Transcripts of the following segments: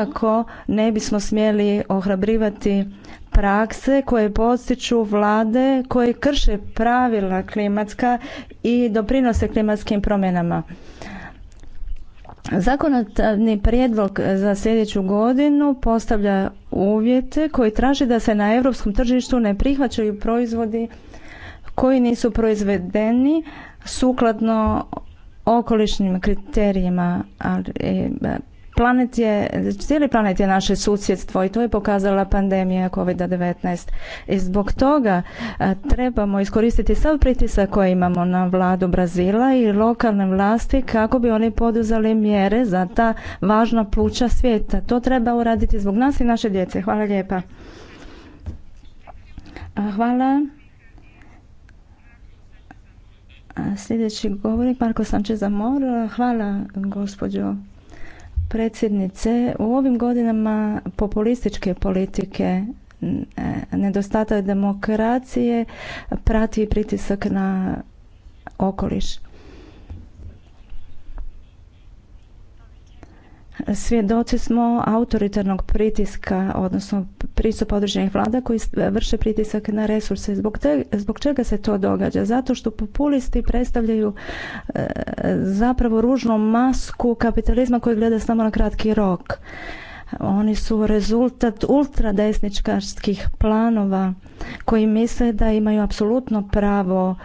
Ako ne bismo smjeli ohrabrivati prakse koje postiču vlade koje krše pravila klimatska i doprinose klimatskim promjenama. Zakonodavni prijedlog za sljedeću godinu postavlja uvjete koji traži da se na europskom tržištu ne prihvaćaju proizvodi koji nisu proizvedeni sukladno okolišnim kriterijima, planet je, cijeli planet je naše susjedstvo i to je pokazala pandemija COVID-19. I zbog toga e, trebamo iskoristiti sav pritisak koji imamo na vladu Brazila i lokalne vlasti kako bi oni poduzeli mjere za ta važna pluća svijeta. To treba uraditi zbog nas i naše djece. Hvala lijepa. Hvala. Sljedeći govornik Marko Sančez Amor. Hvala gospođo predsjednice, u ovim godinama populističke politike e, nedostatak demokracije prati pritisak na okoliš. Svjedoci smo autoritarnog pritiska, odnosno pristupa određenih vlada koji vrše pritisak na resurse. Zbog, zbog čega se to događa? Zato što populisti predstavljaju e, zapravo ružnu masku kapitalizma koji gleda samo na kratki rok. Oni su rezultat ultradesničkarskih planova koji misle da imaju apsolutno pravo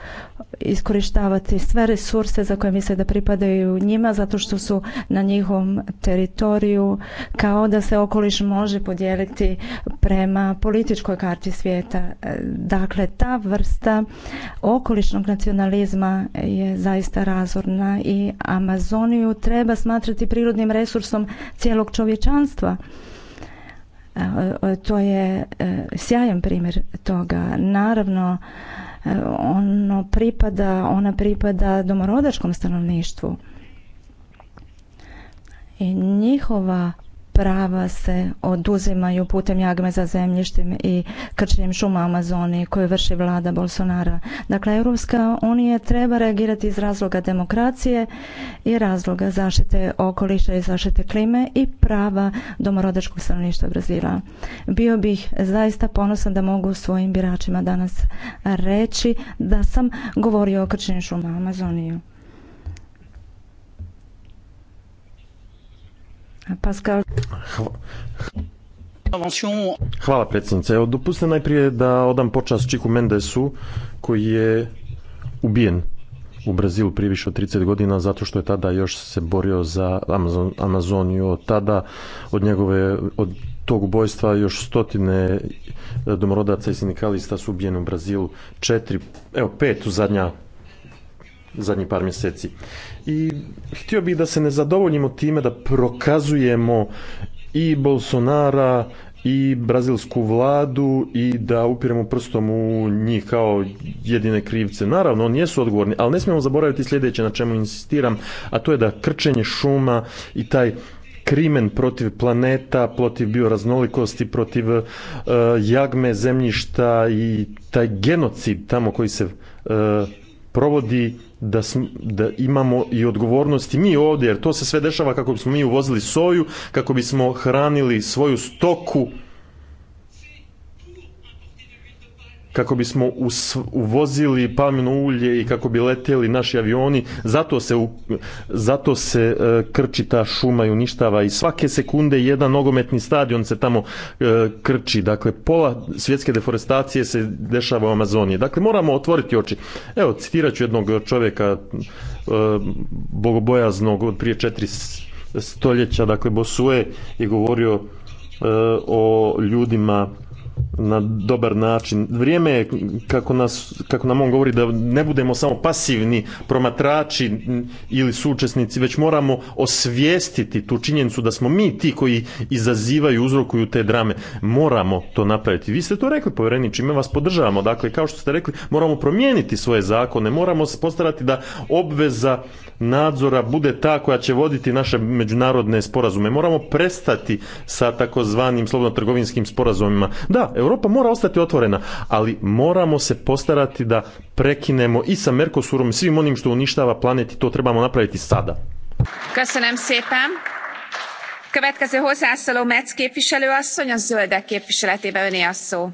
iskorištavati sve resurse za koje misle da pripadaju njima zato što su na njihovom teritoriju kao da se okoliš može podijeliti prema političkoj karti svijeta. E, dakle, ta vrsta okolišnog nacionalizma je zaista razorna i Amazoniju treba smatrati prirodnim resursom cijelog čovječanstva. E, e, to je sjajan primjer toga. Naravno, E, ono pripada, ona pripada domorodačkom stanovništvu. I njihova prava se oduzimaju putem jagme za zemljištem i krčenjem šuma Amazoni koju vrši vlada Bolsonara. Dakle, Europska unija treba reagirati iz razloga demokracije i razloga zaštite okoliša i zaštite klime i prava domorodačkog stanovništva Brazila. Bio bih zaista ponosan da mogu svojim biračima danas reći da sam govorio o krčenju šuma Amazoniju. Hvala predsjednice. Evo, dopustite najprije da odam počast Čiku Mendesu koji je ubijen u Brazilu prije više od 30 godina zato što je tada još se borio za Amazon, Amazoniju. Od tada od njegove, od tog ubojstva još stotine domorodaca i sindikalista su ubijeni u Brazilu. Četiri, evo pet u zadnja zadnjih par mjeseci. I htio bih da se ne zadovoljimo time da prokazujemo i Bolsonara i brazilsku vladu i da upiremo prstom u njih kao jedine krivce. Naravno, oni jesu odgovorni, ali ne smijemo zaboraviti sljedeće na čemu insistiram, a to je da krčenje šuma i taj krimen protiv planeta, protiv bioraznolikosti, protiv e, jagme zemljišta i taj genocid tamo koji se e, provodi da, sm, da imamo i odgovornosti mi ovdje, jer to se sve dešava kako bismo mi uvozili soju, kako bismo hranili svoju stoku, kako bismo uvozili palmino ulje i kako bi letjeli naši avioni. Zato se, zato se e, krči ta šuma i uništava i svake sekunde jedan nogometni stadion se tamo e, krči. Dakle, pola svjetske deforestacije se dešava u Amazoniji. Dakle, moramo otvoriti oči. Evo, citirat ću jednog čovjeka e, bogobojaznog od prije četiri stoljeća, dakle Bosue je govorio o ljudima na dobar način. Vrijeme je kako, nas, kako nam on govori da ne budemo samo pasivni promatrači ili sučesnici, već moramo osvijestiti tu činjenicu da smo mi ti koji izazivaju, uzrokuju te drame. Moramo to napraviti. Vi ste to rekli, povjereniče, mi vas podržavamo. Dakle, kao što ste rekli, moramo promijeniti svoje zakone, moramo se postarati da obveza nadzora bude ta koja će voditi naše međunarodne sporazume. Moramo prestati sa takozvanim slobodno trgovinskim sporazumima. Da, Europa mora ostati otvorena, ali moramo se postarati da prekinemo i sa Mercosurom i svim onim što uništava planet i to trebamo napraviti sada. Köszönöm szépen. Következő hozzászóló Metz képviselő asszony, a zöldek képviseletében öné a szó.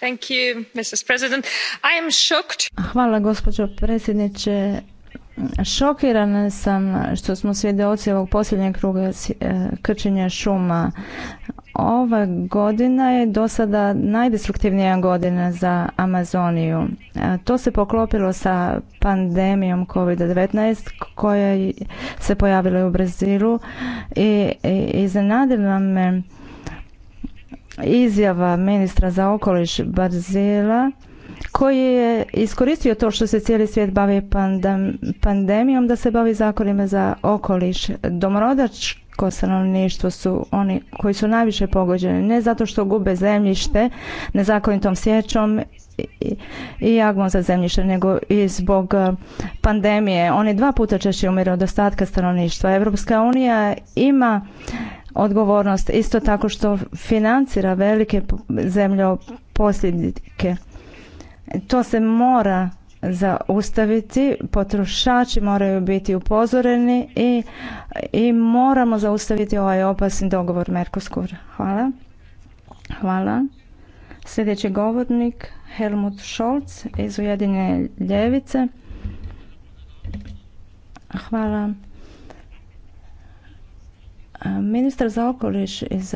Thank you, Mrs. President. I am shocked. Hvala, gospođo predsjedniče. Šokirana sam što smo svjedoci ovog posljednjeg kruga e, krčenja šuma. Ova godina je do sada najdestruktivnija godina za Amazoniju. E, to se poklopilo sa pandemijom COVID-19 koja se pojavila u Brazilu i iznenadila me izjava ministra za okoliš Brazila koji je iskoristio to što se cijeli svijet bavi pandemijom da se bavi zakonima za okoliš. Domorodač ko stanovništvo su oni koji su najviše pogođeni, ne zato što gube zemljište nezakonitom sjećom i, i za zemljište, nego i zbog e, pandemije. Oni dva puta češće umiru od ostatka stanovništva. Evropska unija ima odgovornost isto tako što financira velike zemljoposljednike. To se mora zaustaviti, potrošači moraju biti upozoreni i, i moramo zaustaviti ovaj opasni dogovor Merkoskur. Hvala. Hvala. Sljedeći govornik Helmut Scholz iz Ujedinje Ljevice. Hvala. Ministar za okoliš iz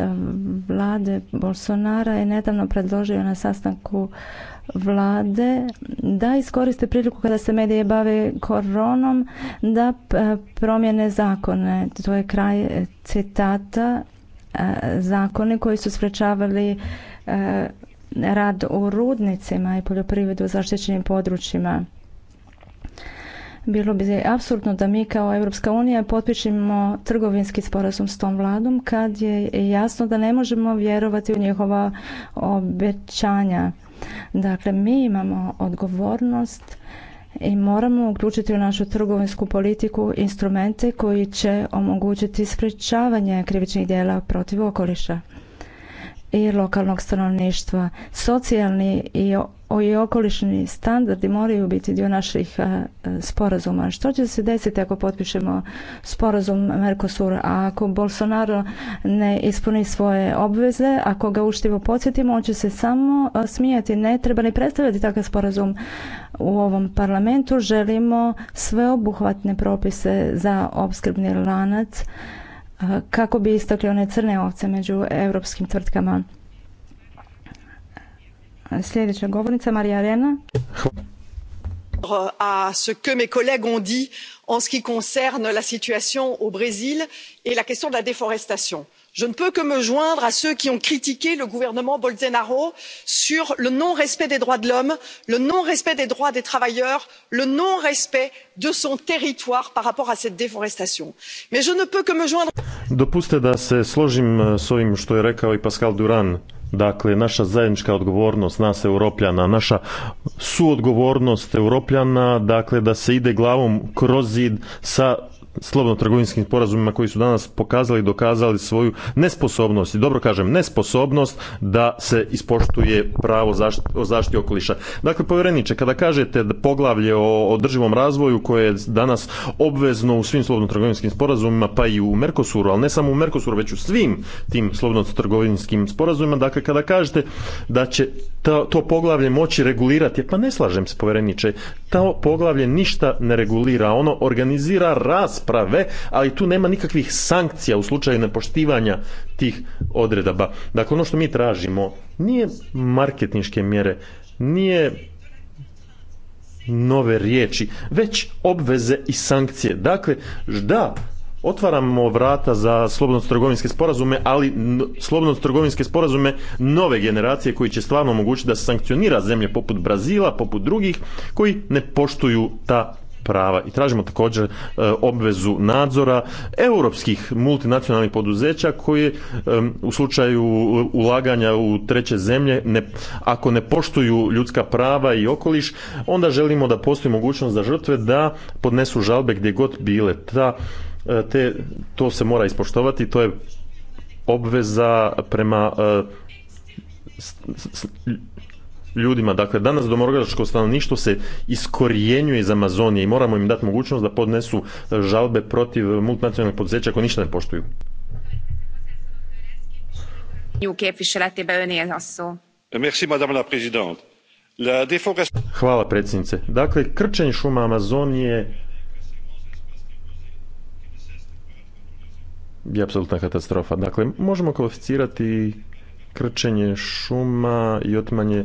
vlade Bolsonara je nedavno predložio na sastanku vlade da iskoriste priliku kada se medije bave koronom da e, promjene zakone. To je kraj e, citata e, zakone koji su sprečavali rad u rudnicima i poljoprivredu u zaštićenim područjima. Bilo bi apsurdno da mi kao Europska unija potpišemo trgovinski sporazum s tom vladom kad je jasno da ne možemo vjerovati u njihova obećanja. Dakle, mi imamo odgovornost i moramo uključiti u našu trgovinsku politiku instrumente koji će omogućiti sprečavanje krivičnih djela protiv okoliša i lokalnog stanovništva. Socijalni i i okolišni standardi moraju biti dio naših e, sporazuma. Što će se desiti ako potpišemo sporazum Mercosur, a ako Bolsonaro ne ispuni svoje obveze, ako ga uštivo podsjetimo, on će se samo e, smijati. Ne treba ni predstavljati takav sporazum u ovom parlamentu. Želimo sveobuhvatne propise za opskrbni lanac e, kako bi istakli one crne ovce među europskim tvrtkama. Sljedeća govornica Marija Arena. à ce que mes collègues ont dit en ce qui concerne la situation au Brésil et la question de la déforestation je ne peux que me joindre à ceux qui ont critiqué le gouvernement bolsonaro sur le non respect des droits de l'homme le non respect des droits des travailleurs le non respect de son territoire par rapport à cette déforestation mais je ne peux que me joindre Dopuste da se složim s ovim što je rekao i Pascal Duran Dakle, naša zajednička odgovornost nas Europljana, naša suodgovornost Europljana, dakle da se ide glavom kroz zid sa slobno trgovinskim sporazumima koji su danas pokazali i dokazali svoju nesposobnost i dobro kažem nesposobnost da se ispoštuje pravo o zaštiti okoliša. Dakle, povjereniče, kada kažete poglavlje o održivom razvoju koje je danas obvezno u svim slobodno trgovinskim sporazumima pa i u Merkosuru, ali ne samo u Merkosuru već u svim tim slobno trgovinskim sporazumima, dakle kada kažete da će to, poglavlje moći regulirati, pa ne slažem se povjereniče, to poglavlje ništa ne regulira, ono organizira rast rasprave, ali tu nema nikakvih sankcija u slučaju nepoštivanja tih odredaba. Dakle, ono što mi tražimo nije marketinške mjere, nije nove riječi, već obveze i sankcije. Dakle, da, otvaramo vrata za slobodno trgovinske sporazume, ali slobodno trgovinske sporazume nove generacije koji će stvarno omogućiti da sankcionira zemlje poput Brazila, poput drugih koji ne poštuju ta prava i tražimo također e, obvezu nadzora europskih multinacionalnih poduzeća koje e, u slučaju ulaganja u treće zemlje ne, ako ne poštuju ljudska prava i okoliš onda želimo da postoji mogućnost za žrtve da podnesu žalbe gdje god bile ta e, te, to se mora ispoštovati to je obveza prema ljudima. Dakle, danas domorogačko stanovništvo se iskorjenjuje iz Amazonije i moramo im dati mogućnost da podnesu e, žalbe protiv multinacionalnih poduzeća ako ništa ne poštuju. Hvala predsjednice. Dakle, krčenje šuma Amazonije je apsolutna katastrofa. Dakle, možemo kvalificirati krčenje šuma i otmanje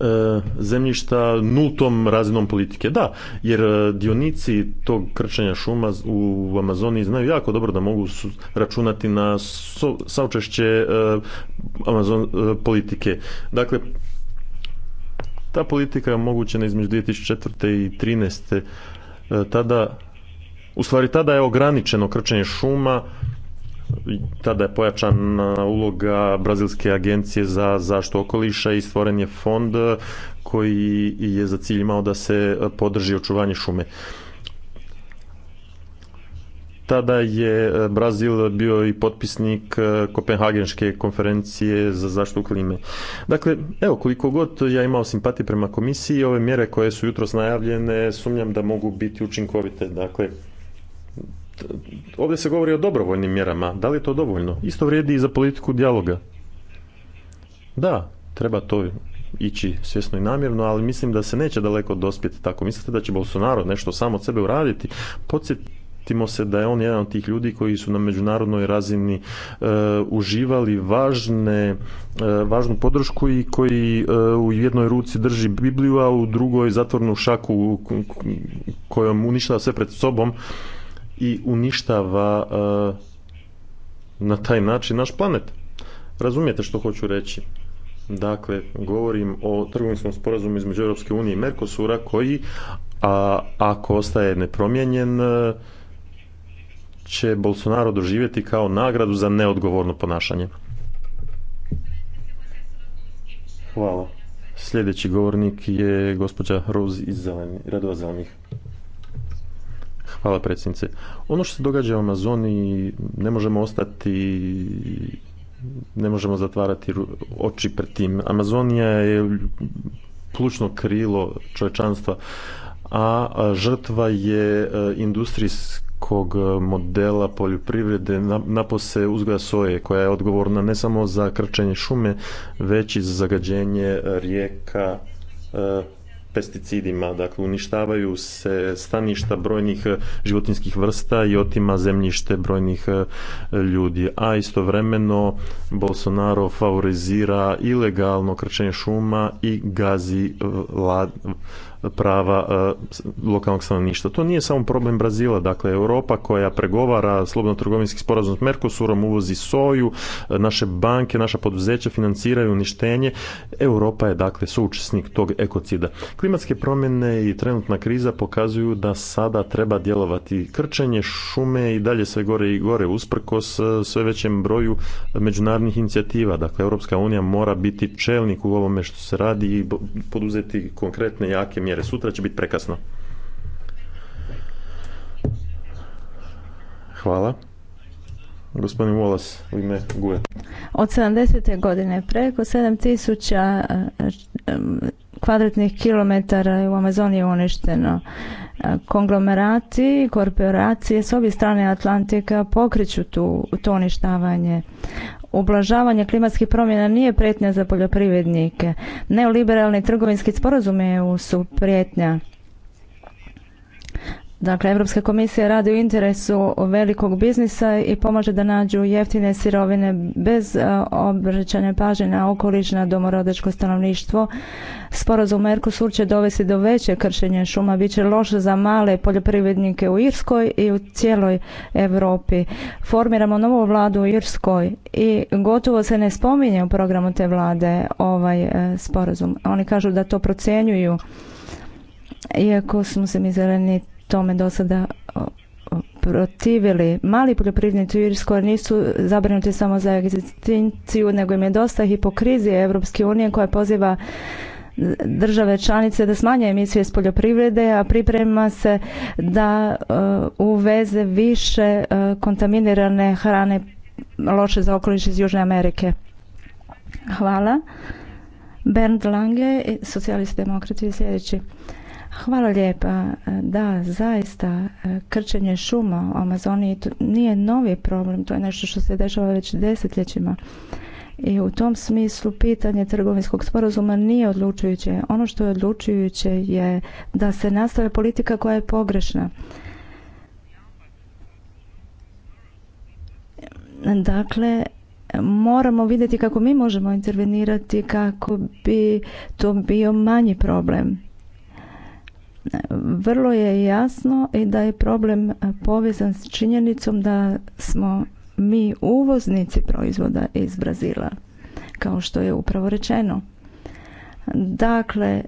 E, zemljišta nultom razinom politike. Da, jer e, dionici tog krčenja šuma u Amazoniji znaju jako dobro da mogu računati na so, e, Amazon politike. Dakle, ta politika je omogućena između 2004. i 2013. Tada, u stvari tada je ograničeno krčenje šuma tada je pojačana uloga Brazilske agencije za zaštitu okoliša i stvoren je fond koji je za cilj imao da se podrži očuvanje šume. Tada je Brazil bio i potpisnik Kopenhagenške konferencije za zaštitu klime. Dakle, evo, koliko god ja imao simpatije prema komisiji, ove mjere koje su jutros najavljene, sumnjam da mogu biti učinkovite. Dakle, ovdje se govori o dobrovoljnim mjerama. Da li je to dovoljno? Isto vrijedi i za politiku dijaloga. Da, treba to ići svjesno i namjerno, ali mislim da se neće daleko dospjeti tako. Mislite da će Bolsonaro nešto samo od sebe uraditi? Podsjetimo se da je on jedan od tih ljudi koji su na međunarodnoj razini e, uživali važne, e, važnu podršku i koji e, u jednoj ruci drži Bibliju, a u drugoj zatvornu šaku kojom uništava sve pred sobom i uništava e, na taj način naš planet. Razumijete što hoću reći? Dakle, govorim o trgovinskom sporazumu između Europske unije i Merkosura koji, a ako ostaje nepromijenjen, e, će Bolsonaro doživjeti kao nagradu za neodgovorno ponašanje. Hvala. Sljedeći govornik je gospođa Rose iz Zeleni, Radova Zelenih. Hvala predsjednice. Ono što se događa u Amazoni ne možemo ostati ne možemo zatvarati oči pred tim. Amazonija je plučno krilo čovečanstva, a žrtva je e, industrijskog modela poljoprivrede napose uzgoja soje koja je odgovorna ne samo za krčenje šume već i za zagađenje rijeka e, pesticidima, dakle uništavaju se staništa brojnih e, životinskih vrsta i otima zemljište brojnih e, ljudi. A istovremeno Bolsonaro favorizira ilegalno krčenje šuma i gazi e, prava e, lokalnog stanovništva. To nije samo problem Brazila, dakle Europa koja pregovara slobodno trgovinski sporazum s Mercosurom, uvozi soju, e, naše banke, naša poduzeća financiraju uništenje. Europa je dakle suučesnik tog ekocida. Klimatske promjene i trenutna kriza pokazuju da sada treba djelovati krčenje šume i dalje sve gore i gore usprkos e, sve većem broju međunarodnih inicijativa. Dakle Europska unija mora biti čelnik u ovome što se radi i poduzeti konkretne jake mjere mjere. Sutra će biti prekasno. Hvala. Gospodin Volas u ime Gue. Od 70. godine preko 7000 kvadratnih kilometara u Amazoniji uništeno. Konglomerati, korporacije s obje strane Atlantika pokreću to uništavanje ublažavanje klimatskih promjena nije prijetnja za poljoprivrednike. Neoliberalni trgovinski sporazumi su prijetnja Dakle, Europska komisija radi u interesu velikog biznisa i pomaže da nađu jeftine sirovine bez e, obraćanja pažnje na okoliš, na domorodečko stanovništvo. Sporazum Mercosur će dovesti do veće kršenja šuma, bit će za male poljoprivrednike u Irskoj i u cijeloj Europi. Formiramo novu vladu u Irskoj i gotovo se ne spominje u programu te vlade ovaj e, sporazum. Oni kažu da to procjenjuju iako smo se mi zeleni tome do sada protivili. Mali poljoprivrednici u Irskoj nisu zabrinuti samo za egzistenciju, nego im je dosta hipokrizije Evropske unije koja poziva države članice da smanje emisije s poljoprivrede, a priprema se da uveze više kontaminirane hrane loše za okoliš iz Južne Amerike. Hvala. Bernd Lange, socijalist demokrati sljedeći. Hvala lijepa. Da, zaista, e, krčenje šuma u Amazoniji nije novi problem, to je nešto što se dešava već desetljećima. I u tom smislu pitanje trgovinskog sporazuma nije odlučujuće. Ono što je odlučujuće je da se nastave politika koja je pogrešna. Dakle, moramo vidjeti kako mi možemo intervenirati kako bi to bio manji problem vrlo je jasno i da je problem e, povezan s činjenicom da smo mi uvoznici proizvoda iz Brazila, kao što je upravo rečeno. Dakle,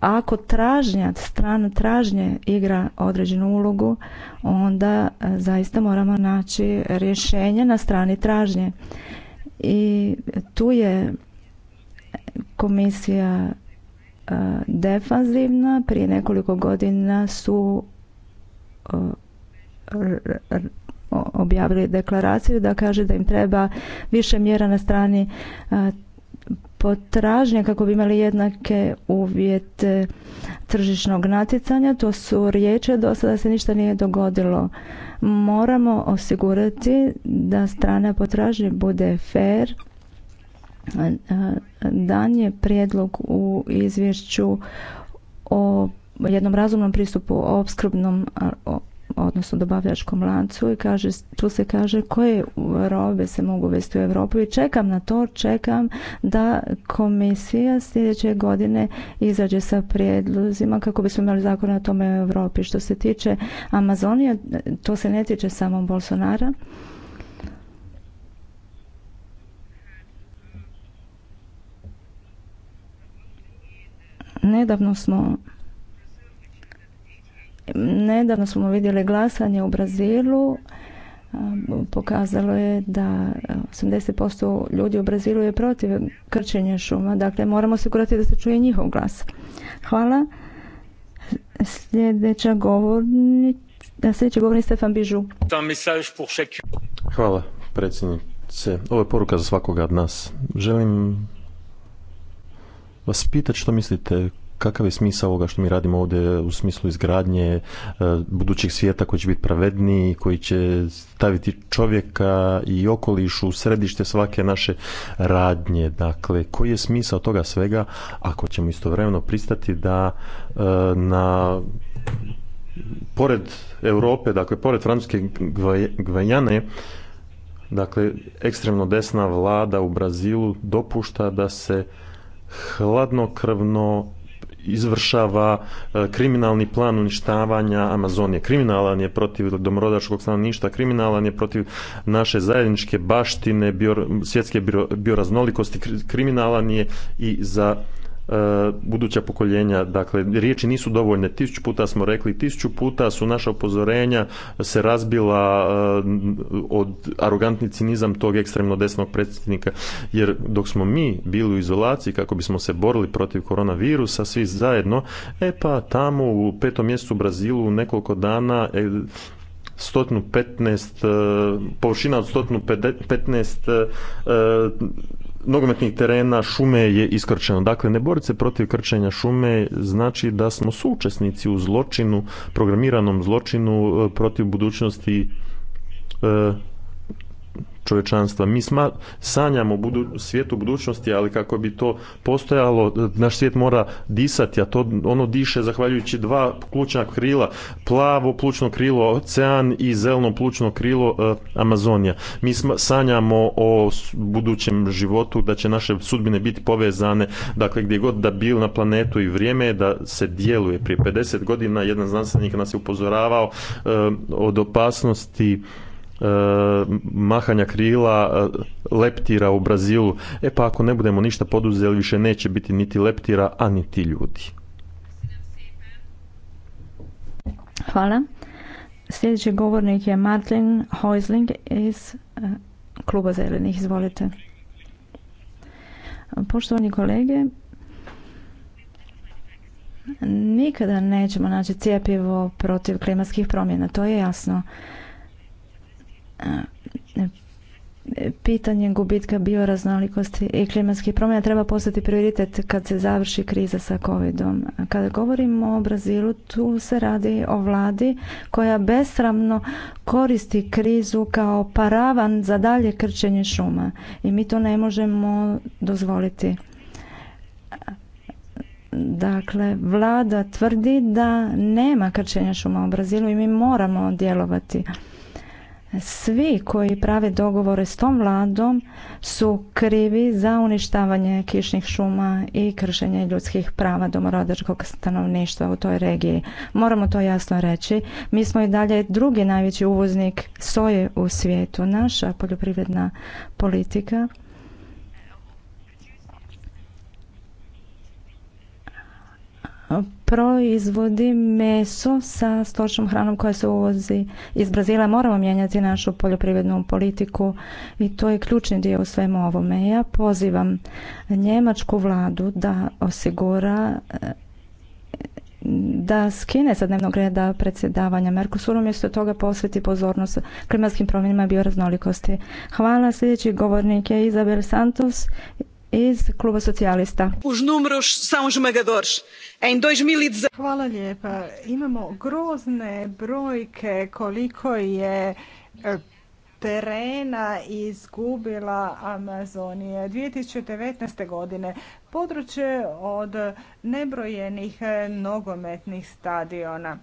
ako tražnja, strana tražnje igra određenu ulogu, onda e, zaista moramo naći rješenje na strani tražnje. I tu je komisija E, defanzivna. Prije nekoliko godina su e, objavili deklaraciju da kaže da im treba više mjera na strani e, potražnje kako bi imali jednake uvjete tržišnog natjecanja. To su riječi, do sada se ništa nije dogodilo. Moramo osigurati da strana potražnje bude fair Dan je prijedlog u izvješću o jednom razumnom pristupu o opskrbnom odnosno dobavljačkom lancu i kaže, tu se kaže koje robe se mogu uvesti u Europu i čekam na to, čekam da komisija sljedeće godine izađe sa prijedlozima kako bismo imali zakon o tome u Europi. Što se tiče Amazonije, to se ne tiče samo Bolsonara, Nedavno smo nedavno smo vidjeli glasanje u Brazilu pokazalo je da 80% ljudi u Brazilu je protiv krčenja šuma, dakle moramo osigurati da se čuje njihov glas. Hvala. Sljedeća govornica, sljedeći govornik Stefan Bižu. Hvala predsjednice. Ovo je poruka za svakoga od nas. Želim vas pitati što mislite kakav je smisao ovoga što mi radimo ovdje u smislu izgradnje e, budućeg svijeta koji će biti pravedniji, koji će staviti čovjeka i okoliš u središte svake naše radnje. Dakle, koji je smisao toga svega ako ćemo istovremeno pristati da e, na pored Europe, dakle pored Francuske Gvajane, dakle ekstremno desna vlada u Brazilu dopušta da se hladnokrvno izvršava e, kriminalni plan uništavanja Amazonije. Kriminalan je protiv domorodačkog stanovništva, kriminalan je protiv naše zajedničke baštine, svjetske bioraznolikosti, kriminalan je i za E, buduća pokoljenja. Dakle, riječi nisu dovoljne. Tisuću puta smo rekli, tisuću puta su naša upozorenja se razbila e, od arogantni cinizam tog ekstremno desnog predsjednika. Jer dok smo mi bili u izolaciji kako bismo se borili protiv koronavirusa, svi zajedno, e pa tamo u petom mjestu u Brazilu nekoliko dana e, 115 e, površina od 115 nogometnih terena, šume je iskrčeno. Dakle, ne boriti se protiv krčenja šume znači da smo suučesnici u zločinu, programiranom zločinu e, protiv budućnosti e, čovječanstva. Mi sma, sanjamo budu, svijetu budućnosti, ali kako bi to postojalo, naš svijet mora disati, a to ono diše zahvaljujući dva plućna krila, plavo plućno krilo ocean i zeleno plućno krilo e, Amazonija. Mi sanjamo o budućem životu, da će naše sudbine biti povezane, dakle gdje god da bil na planetu i vrijeme da se djeluje. Prije 50 godina jedan znanstvenik nas je upozoravao e, od opasnosti E, mahanja krila e, leptira u Brazilu. E pa ako ne budemo ništa poduzeli, više neće biti niti leptira, a niti ljudi. Hvala. Sljedeći govornik je Martin Heusling iz e, Kluba zelenih. Izvolite. Poštovani kolege, nikada nećemo naći cijepivo protiv klimatskih promjena, to je jasno pitanje gubitka bioraznolikosti i klimatskih promjena treba postati prioritet kad se završi kriza sa covidom. Kada govorimo o Brazilu, tu se radi o vladi koja besramno koristi krizu kao paravan za dalje krčenje šuma i mi to ne možemo dozvoliti. Dakle, vlada tvrdi da nema krčenja šuma u Brazilu i mi moramo djelovati. Svi koji prave dogovore s tom vladom su krivi za uništavanje kišnih šuma i kršenje ljudskih prava domorodačkog stanovništva u toj regiji. Moramo to jasno reći. Mi smo i dalje drugi najveći uvoznik soje u svijetu. Naša poljoprivredna politika proizvodi meso sa stočnom hranom koja se uvozi iz Brazila. Moramo mijenjati našu poljoprivrednu politiku i to je ključni dio u svemu ovome. Ja pozivam njemačku vladu da osigura eh, da skine sa dnevnog reda predsjedavanja Mercosurom, umjesto toga posveti pozornost klimatskim promjenama i bioraznolikosti. Hvala, sljedeći govornik je Izabel Santos iz kluba socijalista. uz são esmagadores. Em 2010... E Hvala lijepa. Imamo grozne brojke koliko je e, terena izgubila Amazonije. 2019. godine područje od nebrojenih e, nogometnih stadiona.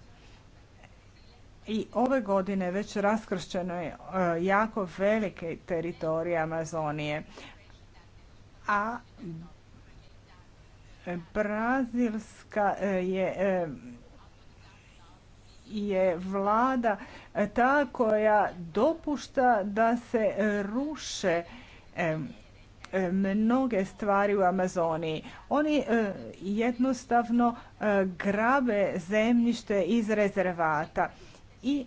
I ove godine već raskršćeno je jako velike teritorije Amazonije a brazilska e, je e, je vlada e, ta koja dopušta da se ruše mnoge stvari u Amazoniji. Oni jednostavno grabe zemljište iz rezervata i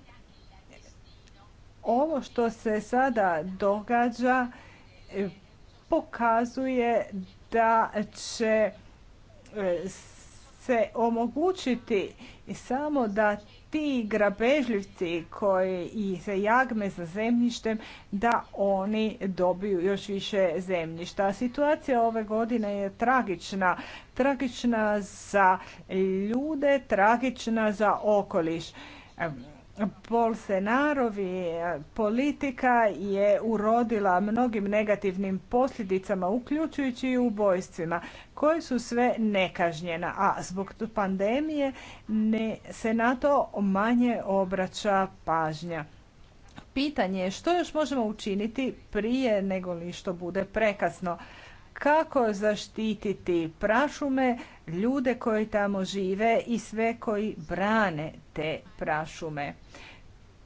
ovo što se sada događa pokazuje da će e, se omogućiti samo da ti grabežljivci koji se jagme za zemljištem da oni dobiju još više zemljišta. Situacija ove godine je tragična. Tragična za ljude, tragična za okoliš. Bolsenarovi eh, politika je urodila mnogim negativnim posljedicama, uključujući i ubojstvima, koje su sve nekažnjena, a zbog pandemije ne, se na to manje obraća pažnja. Pitanje je što još možemo učiniti prije nego li što bude prekasno kako zaštititi prašume, ljude koji tamo žive i sve koji brane te prašume.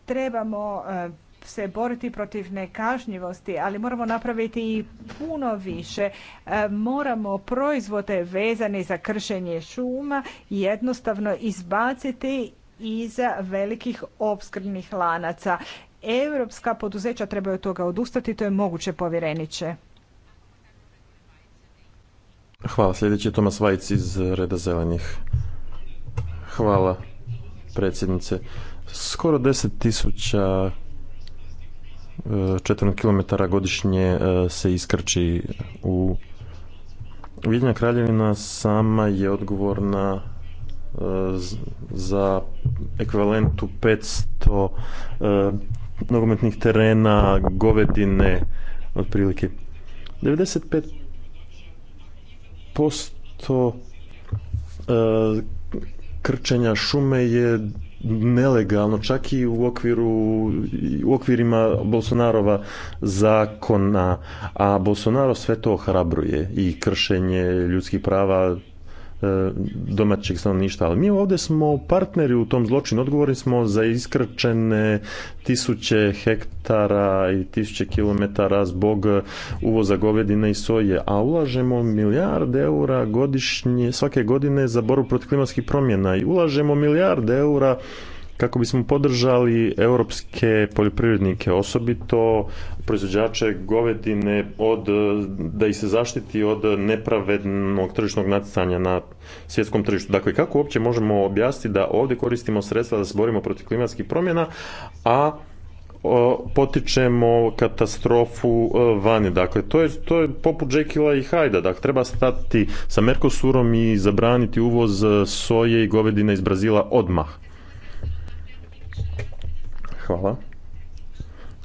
Trebamo e, se boriti protiv nekažnjivosti, ali moramo napraviti i puno više. E, moramo proizvode vezane za kršenje šuma jednostavno izbaciti iza velikih opskrbnih lanaca. Europska poduzeća trebaju toga odustati, to je moguće povjereniće. Hvala. Sljedeći je Tomas Vajc iz Reda Zelenih. Hvala, predsjednice. Skoro 10.000 tisuća e, četvrnog kilometara godišnje e, se iskrči u Vidnja Kraljevina sama je odgovorna e, za ekvivalentu 500 nogometnih terena govedine otprilike 95 posto e, krčenja šume je nelegalno, čak i u okviru u okvirima Bolsonarova zakona, a Bolsonaro sve to ohrabruje i kršenje ljudskih prava E, domaćeg stanovništva. Ali mi ovdje smo partneri u tom zločinu, odgovorni smo za iskrčene tisuće hektara i tisuće kilometara zbog uvoza govedine i soje, a ulažemo milijarde eura godišnje, svake godine za boru protiv klimatskih promjena i ulažemo milijarde eura kako bismo podržali europske poljoprivrednike, osobito proizvođače govedine od, da ih se zaštiti od nepravednog tržišnog natjecanja na svjetskom tržištu. Dakle, kako uopće možemo objasniti da ovdje koristimo sredstva da se borimo protiv klimatskih promjena, a potičemo katastrofu e, vani. Dakle, to je, to poput Jekila i Hajda. Dakle, treba stati sa Mercosurom i zabraniti uvoz e, soje i govedine iz Brazila odmah. Hvala.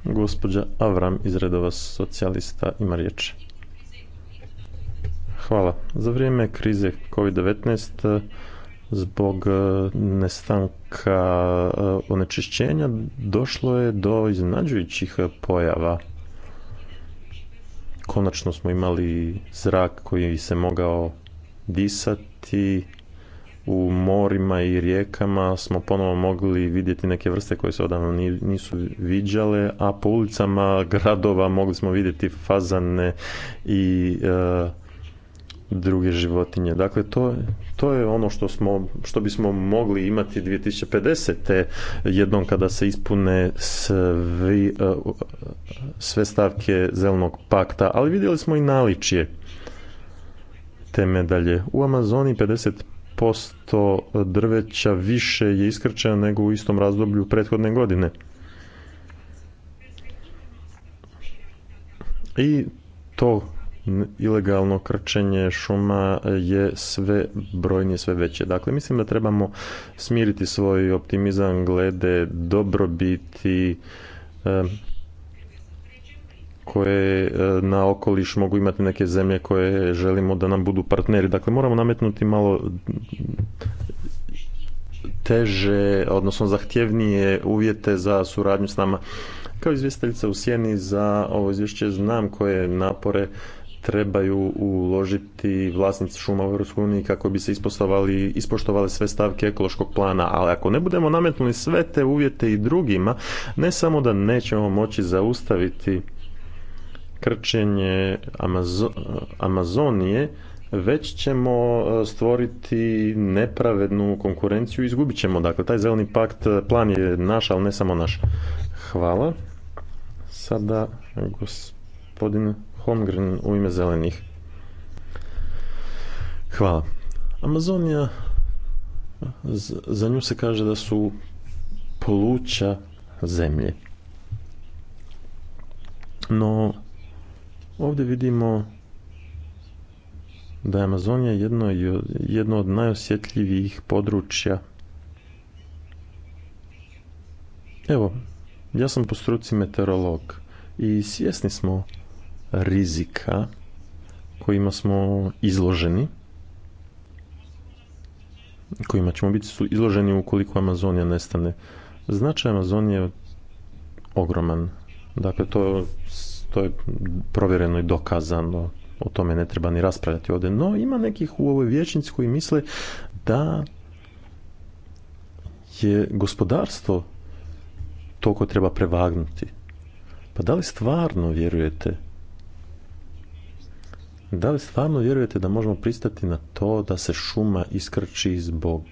Gospođa Avram iz redova socijalista ima riječ. Hvala. Za vrijeme krize COVID-19 zbog e, nestanka e, onečišćenja došlo je do iznenađujućih pojava. Konačno smo imali zrak koji se mogao disati, u morima i rijekama smo ponovo mogli vidjeti neke vrste koje se odavno nisu viđale, a po ulicama gradova mogli smo vidjeti fazane i e, druge životinje. Dakle, to, to je ono što, smo, što bismo mogli imati 2050. jednom kada se ispune e, sve stavke zelenog pakta, ali vidjeli smo i naličje te medalje. U Amazoni 50 posto drveća više je iskrčeno nego u istom razdoblju prethodne godine. I to ilegalno krčenje šuma je sve brojnije, sve veće. Dakle, mislim da trebamo smiriti svoj optimizam glede dobrobiti eh, koje e, na okoliš mogu imati neke zemlje koje želimo da nam budu partneri. Dakle, moramo nametnuti malo teže, odnosno zahtjevnije uvjete za suradnju s nama. Kao izvjestiteljica u Sjeni za ovo izvješće znam koje napore trebaju uložiti vlasnici šuma u EU kako bi se ispoštovali, ispoštovali sve stavke ekološkog plana, ali ako ne budemo nametnuli sve te uvjete i drugima, ne samo da nećemo moći zaustaviti krčenje Amazonije, već ćemo e, stvoriti nepravednu konkurenciju i izgubit ćemo. Dakle, taj zeleni pakt, e, plan je naš, ali ne samo naš. Hvala. Sada gospodin Holmgren u ime zelenih. Hvala. Amazonija, za nju se kaže da su pluća zemlje. No, Ovdje vidimo da je Amazonija jedno, jedno od najosjetljivijih područja. Evo, ja sam po struci meteorolog i svjesni smo rizika kojima smo izloženi kojima ćemo biti su izloženi ukoliko Amazonija nestane. Značaj Amazonije je ogroman. Dakle, to to je provjereno i dokazano, o tome ne treba ni raspravljati ovdje. No, ima nekih u ovoj vječnici koji misle da je gospodarstvo to treba prevagnuti. Pa da li stvarno vjerujete da li stvarno vjerujete da možemo pristati na to da se šuma iskrči zbog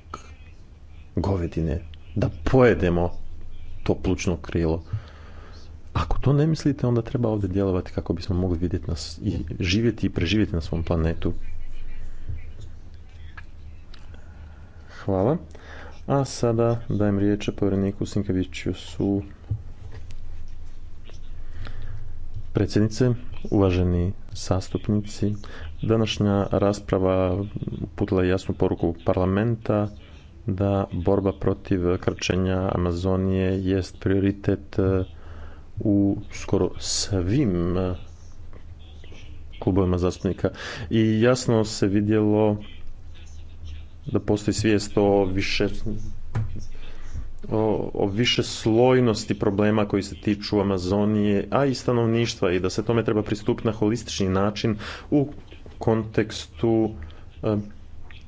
govedine? Da pojedemo to plučno krilo? Ako to ne mislite, onda treba ovdje djelovati kako bismo mogli vidjeti nas i živjeti i preživjeti na svom planetu. Hvala. A sada dajem riječ povjereniku Sinkeviću su predsjednice, uvaženi zastupnici. Današnja rasprava uputila jasnu poruku parlamenta da borba protiv krčenja Amazonije jest prioritet u skoro svim eh, klubovima zastupnika. I jasno se vidjelo da postoji svijest o više o, više slojnosti problema koji se tiču Amazonije, a i stanovništva i da se tome treba pristupiti na holistični način u kontekstu eh,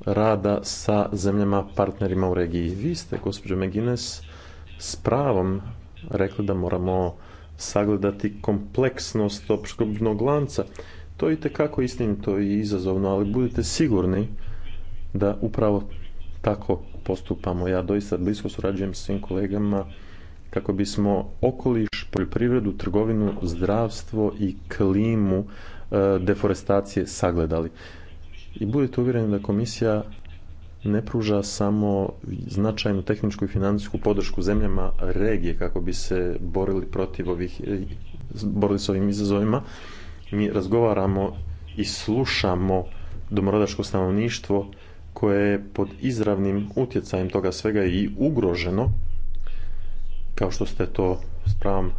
rada sa zemljama partnerima u regiji. Vi ste, gospođo Megines, s pravom rekli da moramo sagledati kompleksnost opskrbnog lanca. To je itekako istinito i izazovno, ali budite sigurni da upravo tako postupamo. Ja doista blisko surađujem s svim kolegama kako bismo okoliš, poljoprivredu, trgovinu, zdravstvo i klimu e, deforestacije sagledali. I budite uvjereni da komisija ne pruža samo značajnu tehničku i financijsku podršku zemljama regije kako bi se borili protiv ovih, borili s ovim izazovima. Mi razgovaramo i slušamo domorodačko stanovništvo koje je pod izravnim utjecajem toga svega i ugroženo, kao što ste to s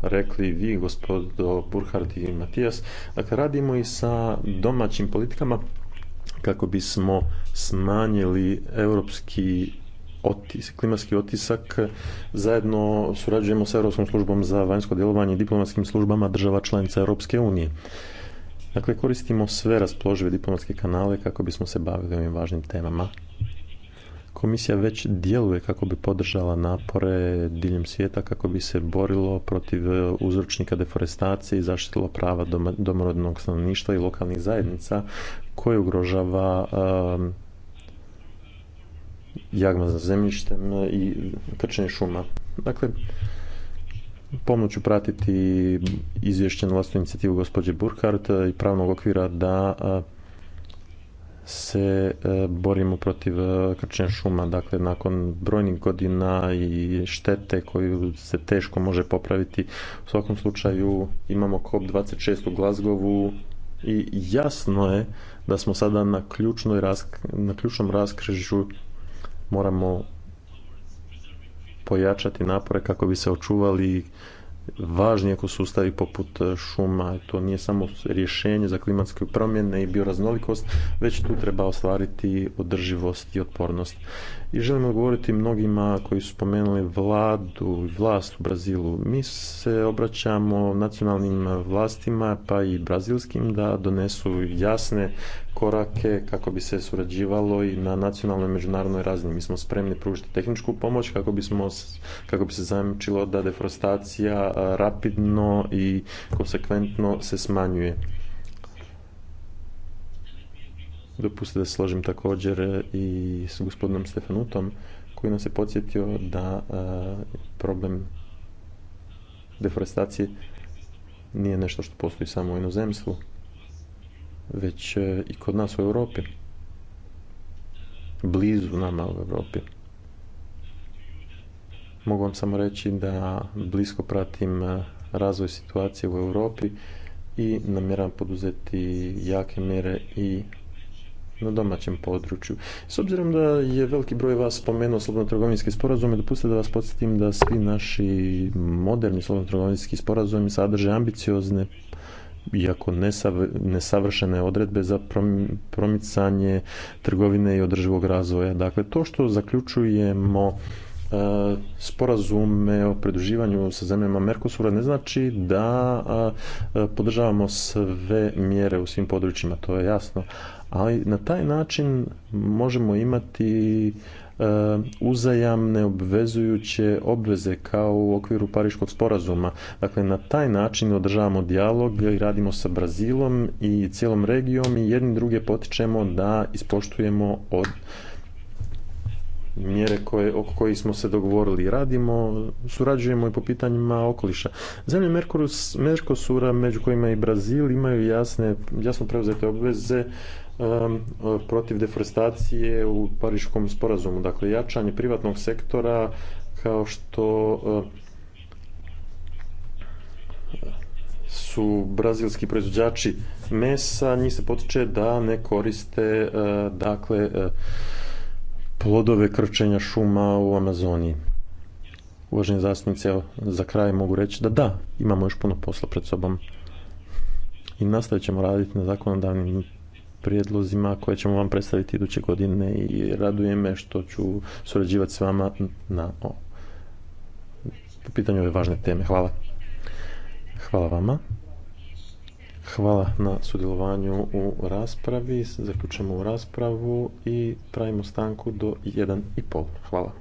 rekli vi, gospodo Burhard i Matijas. Dakle, radimo i sa domaćim politikama kako bismo smanjili europski klimatski otisak. Zajedno surađujemo sa Europskom službom za vanjsko djelovanje i diplomatskim službama država članica Europske unije. Dakle, koristimo sve raspoložive diplomatske kanale kako bismo se bavili ovim važnim temama Komisija već djeluje kako bi podržala napore diljem svijeta kako bi se borilo protiv e, uzročnika deforestacije i zaštitilo prava domorodnog stanovništva i lokalnih zajednica koje ugrožava um, jagma za zemljištem e, i krčenje šuma. Dakle, pomoću pratiti izvješće na vlastnu inicijativu gospođe Burkhardt i pravnog okvira da se e, borimo protiv e, krčenja šuma. Dakle, nakon brojnih godina i štete koju se teško može popraviti, u svakom slučaju imamo COP26 u Glazgovu i jasno je da smo sada na, ključnoj na ključnom raskrižu moramo pojačati napore kako bi se očuvali važni ekosustavi poput e, šuma. To nije samo rješenje za klimatske promjene i bioraznolikost, već tu treba ostvariti održivost i otpornost i želim odgovoriti mnogima koji su spomenuli vladu i vlast u Brazilu. Mi se obraćamo nacionalnim vlastima pa i brazilskim da donesu jasne korake kako bi se surađivalo i na nacionalnoj i međunarodnoj razini. Mi smo spremni pružiti tehničku pomoć kako, bismo, kako bi se zajamčilo da deforestacija rapidno i konsekventno se smanjuje. Dopustite da se složim također i s gospodinom Stefanutom koji nam se podsjetio da e, problem deforestacije nije nešto što postoji samo u inozemstvu, već e, i kod nas u Europi, blizu nama u Europi. Mogu vam samo reći da blisko pratim e, razvoj situacije u Europi i namjeram poduzeti jake mjere i na domaćem području. S obzirom da je veliki broj vas spomenuo slobodno-trgovinski sporazume, dopustite da vas podsjetim da svi naši moderni slobodno-trgovinski sporazumi sadrže ambiciozne iako nesavršene odredbe za promicanje trgovine i održivog razvoja. Dakle, to što zaključujemo e, sporazume o pridruživanju sa zemljama Merkosura ne znači da e, podržavamo sve mjere u svim područjima, to je jasno, ali na taj način možemo imati e, uzajamne obvezujuće obveze kao u okviru Pariškog sporazuma. Dakle, na taj način održavamo dijalog i radimo sa Brazilom i cijelom regijom i jedni druge potičemo da ispoštujemo od mjere koje, oko kojih smo se dogovorili. Radimo, surađujemo i po pitanjima okoliša. Zemlje Merkosura, među kojima i Brazil, imaju jasne, jasno preuzete obveze protiv deforestacije u Pariškom sporazumu. Dakle, jačanje privatnog sektora kao što su brazilski proizvođači mesa, njih se potiče da ne koriste dakle plodove krčenja šuma u Amazoniji. Uvaženi zastupnici, za kraj mogu reći da da, imamo još puno posla pred sobom i nastavit ćemo raditi na zakonodavnim prijedlozima koje ćemo vam predstaviti iduće godine i raduje me što ću surađivati s vama na po pitanju ove važne teme. Hvala. Hvala vama. Hvala na sudjelovanju u raspravi. Zaključujemo u raspravu i pravimo stanku do 1.30. Hvala.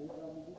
Yeah,